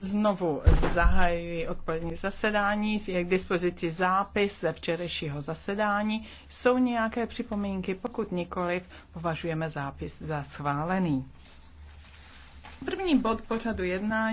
Znovu zahajuji odpolední zasedání, je k dispozici zápis ze včerejšího zasedání. Jsou nějaké připomínky? Pokud nikoliv, považujeme zápis za schválený. První bod pořadu jednání